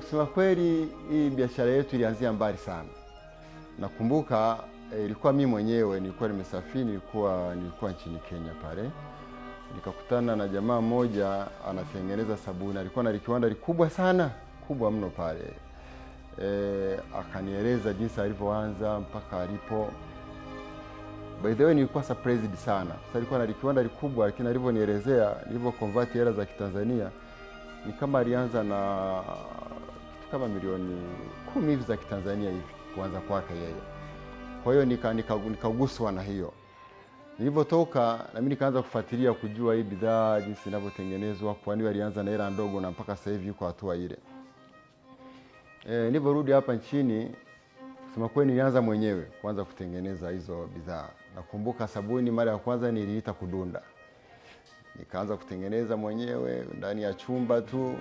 kusema kweli hii biashara yetu ilianzia mbali sana. Nakumbuka eh, ilikuwa mimi mwenyewe nilikuwa nimesafiri, nilikuwa nilikuwa nchini Kenya pale nikakutana na jamaa mmoja anatengeneza sabuni, alikuwa na kiwanda kikubwa sana kubwa mno pale e, akanieleza jinsi alivyoanza mpaka alipo. By the way, nilikuwa surprised sana. Sasa alikuwa na kiwanda kikubwa, lakini alivyonielezea, nilivyo convert hela za Kitanzania ni kama alianza na kama milioni kumi hivi za Kitanzania hivi kuanza kwake yeye. Kwa hiyo nikaguswa nika, nika na hiyo nilivyotoka nami nikaanza kufuatilia kujua hii bidhaa jinsi inavyotengenezwa, kwani alianza na hela ndogo na mpaka sasa hivi yuko hatua ile. E, nilivyorudi hapa nchini kusema kweli nilianza mwenyewe kuanza kutengeneza hizo bidhaa. Nakumbuka sabuni mara ya kwanza niliita kudunda, nikaanza kutengeneza mwenyewe ndani ya chumba tu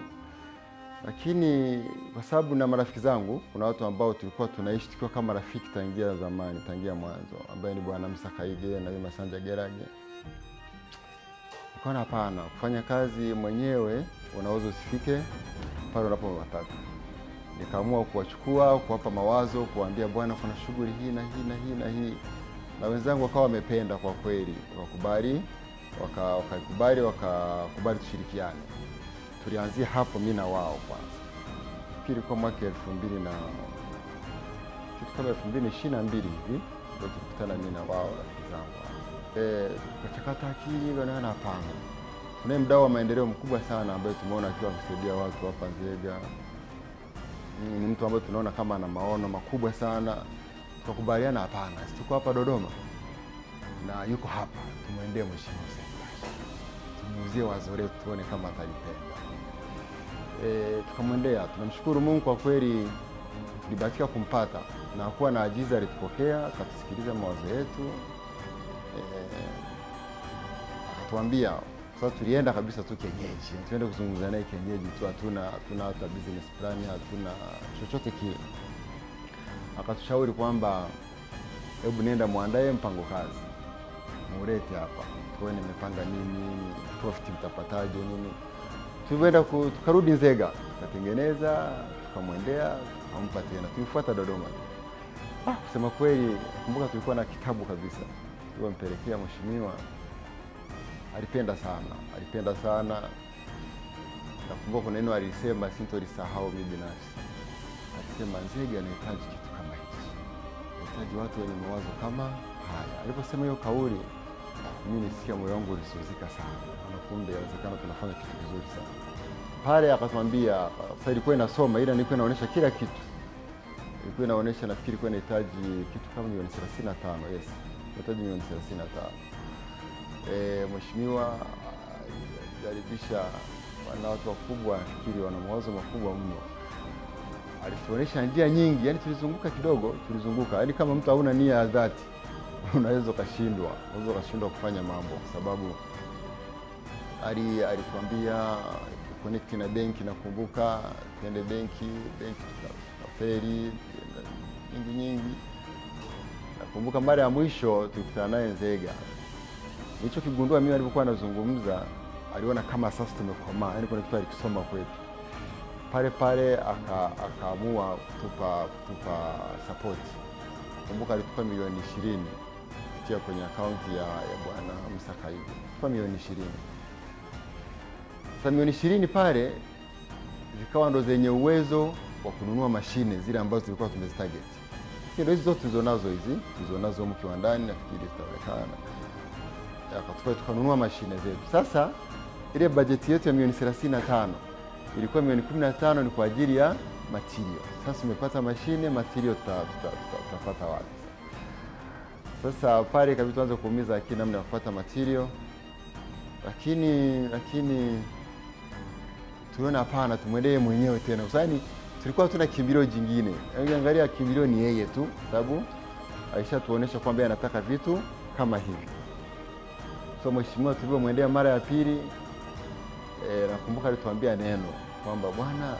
lakini kwa sababu na marafiki zangu, kuna watu ambao tulikuwa tunaishi tukiwa kama rafiki tangia zamani, tangia mwanzo, ambaye ni Bwana Musa Kaige na Masanja Gerage, nikaona hapana, kufanya kazi mwenyewe unaweza usifike pale matatu. Nikaamua kuwachukua, kuwapa mawazo, kuwaambia bwana, kuna shughuli hii na hii na hii na hii, na wenzangu wakawa wamependa kwa kweli, wakubali wakakubali, wakakubali tushirikiane tulianzia hapo mimi na wao kwanza, kilikuwa mwaka elfu mbili na kitu kama elfu mbili ishirini na mbili hivi ndio tukutana mimi na wao rafiki zangu eh, tukachakata akili na napanga tunaye mdau wa maendeleo mkubwa sana ambaye tumeona akiwa kusaidia watu hapa Nzega. Ni mtu ambaye tunaona kama ana maono makubwa sana, tukakubaliana hapana, tuko hapa Dodoma na yuko hapa, tumwendee mheshimiwa tuguzie wazo letu tuone kama atalipenda. E, tukamwendea. Tunamshukuru Mungu kwa kweli tulibatika kumpata na kuwa na ajiza, alitupokea akatusikiliza mawazo yetu e, akatuambia e, sasa tulienda kabisa tu kienyeji, tuende kuzungumza naye kienyeji tu, hatuna hatuna hata business plan, hatuna chochote kile. Akatushauri kwamba hebu nenda muandae mpango kazi, muulete hapa tuone mmepanga nini profit mtapataje nini? Tulivyoenda tukarudi Nzega, tukatengeneza tukamwendea, tukampa tena, tulifuata Dodoma. Ah, kusema kweli, kumbuka tulikuwa na kitabu kabisa tulimpelekea mheshimiwa, alipenda sana, alipenda sana. Nakumbuka kuna neno alisema, sintolisahau mimi binafsi. akisema Nzega anahitaji kitu kama hichi, anahitaji watu wenye mawazo kama haya. Aliposema hiyo kauli mimi nisikia moyo wangu ulisuzika sana, na kumbe inawezekana tunafanya kitu kizuri sana pale. Akatwambia sasa, ilikuwa inasoma ila nilikuwa inaonyesha kila kitu, ilikuwa inaonyesha, nafikiri ilikuwa inahitaji kitu kama milioni 35. Yes, inahitaji milioni 35. Eh, mheshimiwa jaribisha na watu wakubwa, nafikiri wana mawazo makubwa mno. Alituonyesha njia nyingi, yani tulizunguka kidogo, tulizunguka yani kama mtu hauna nia ya dhati unaweza ukashindwa, unaweza ukashindwa kufanya mambo kwa sababu ali alikwambia connect na benki, nakumbuka tuende benki, benki tukafeli nyingi nyingi. Nakumbuka mara ya mwisho tulikutana naye Nzega, kigundua mimi alipokuwa anazungumza, aliona kama sasa tumekomaa, yani kuna kitu alikisoma kwetu pale pale, akaamua kutupa kutupa sapoti. kumbuka alitupa milioni ishirini kupitia kwenye akaunti ya, ya bwana Musa Kaigu kwa milioni ishirini. Sasa milioni ishirini pale zikawa ndo zenye uwezo wa kununua mashine zile ambazo tulikuwa tumezitarget. Ndio hizo zote tulizonazo hizi tulizonazo huko kiwandani, nafikiri zitaonekana. Akatupa tukanunua mashine zetu. Sasa ile bajeti yetu ya milioni 35 ilikuwa milioni 15 ni kwa ajili ya material. Sasa tumepata mashine, material tutapata wapi? Sasa pale kabisa tuanze kuumiza akili namna ya kupata material, lakini lakini tuliona hapana, tumwendee mwenyewe tena, kwa sababu tulikuwa hatuna kimbilio jingine. Yaani angalia, kimbilio ni yeye tu, sababu tuonesha kwamba anataka vitu kama hivi. So mheshimiwa, tulivyomwendea mara ya pili e, nakumbuka alituambia neno kwamba bwana,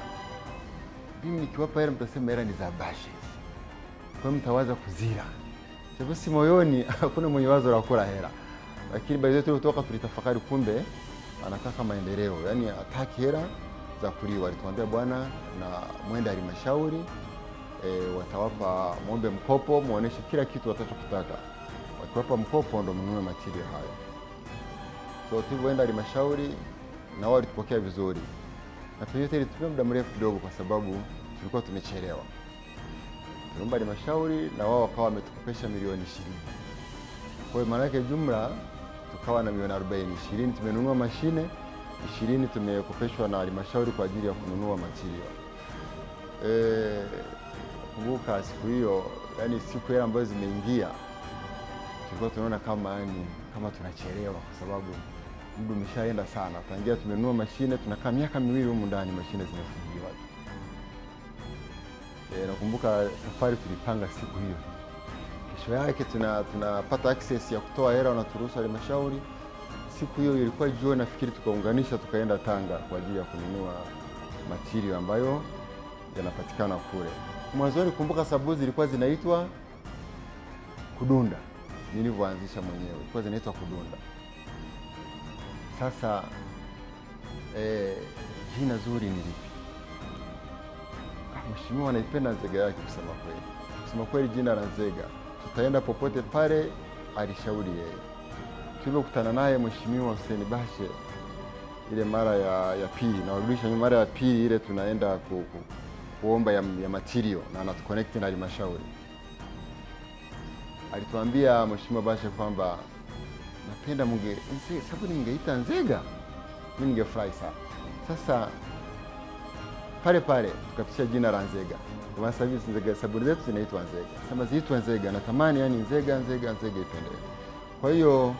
mimi nikiwapa hela mtasema hela ni za bashi, kwa hiyo mtawaza kuzira sisi moyoni hakuna mwenye wazo la kula hela, lakini baadhi yetu tulitoka tulitafakari, kumbe anataka maendeleo, yaani hataki hela za kuliwa. Alituambia bwana, na mwenda halmashauri e, watawapa mwombe mkopo, muoneshe kila kitu watachokitaka. Wakiwapa mkopo ndo mnunue material hayo. So tulivyoenda halmashauri na wao walitupokea vizuri, na pengine ilitumia muda mrefu kidogo, kwa sababu tulikuwa tumechelewa tunaomba halmashauri na wao wakawa wametukopesha milioni ishirini. Kwa hiyo maana yake jumla tukawa na milioni arobaini, ishirini tumenunua mashine, ishirini tumekopeshwa na halmashauri kwa ajili ya kununua machilia. E, kumbuka siku hiyo, yani siku ile ambayo zimeingia tulikuwa tunaona kama yani, kama tunachelewa kwa sababu muda umeshaenda sana, tangia tumenunua mashine tunakaa miaka miwili humu ndani mashine zimefungiwa e, nakumbuka safari tulipanga siku hiyo. Kesho yake tuna tunapata access ya kutoa hela wanaturuhusu halmashauri. Siku hiyo ilikuwa jioni, nafikiri tukaunganisha tukaenda Tanga kwa ajili ya kununua matirio ambayo yanapatikana kule. Mwanzoni kumbuka, sabuni zilikuwa zinaitwa kudunda, nilivyoanzisha mwenyewe ilikuwa zinaitwa kudunda. Sasa eh, jina zuri ni lipi? mheshimiwa anaipenda Nzega yake kusema kweli. Kusema kweli jina la Nzega tutaenda popote pale, alishauri yeye. Tulivyokutana naye mheshimiwa Hussein Bashe ile mara ya, ya pili na warudisha mara ya pili ile tunaenda ku, ku, kuomba ya, ya matirio na anatuconnect na halmashauri, alituambia mheshimiwa Bashe kwamba napenda munge sababu ningeita Nzega mimi ningefurahi sana sasa pale pale tukapitia jina la Nzega. Kwa sababu hizi Nzega sabuni zetu zinaitwa Nzega. Sema ziitwe Nzega, natamani yani Nzega Nzega Nzega ipendele. Kwa hiyo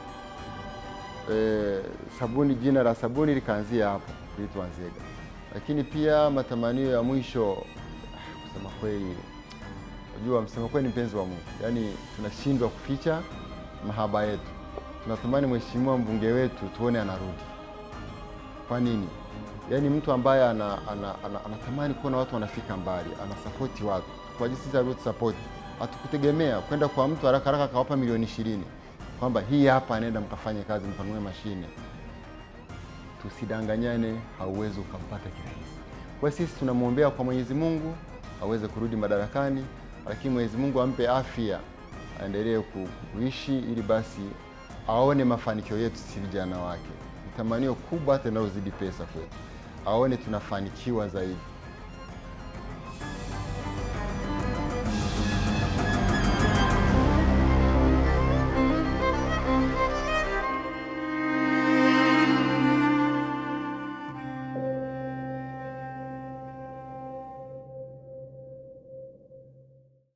e, sabuni jina la sabuni likaanzia hapo kuitwa Nzega. Lakini pia matamanio ya mwisho ah, kusema kweli, unajua msema kweli ni mpenzi wa Mungu, yaani tunashindwa kuficha mahaba yetu. Tunatamani mheshimiwa mbunge wetu tuone anarudi. Kwa nini? yaani mtu ambaye anatamani ana, ana, ana, kuona watu wanafika mbali, anasapoti watu kwa jinsi alivyotusapoti. Hatukutegemea kwenda kwa mtu haraka haraka akawapa milioni ishirini kwamba hii hapa, anaenda mkafanye kazi mkanunue mashine. Tusidanganyane, hauwezi ukampata kirahisi. Kwa sisi tunamwombea kwa Mwenyezi Mungu aweze kurudi madarakani, lakini Mwenyezi Mungu ampe afya aendelee kuishi, ili basi aone mafanikio yetu sisi vijana wake tamanio kubwa hata inayozidi pesa kwetu, aone tunafanikiwa zaidi.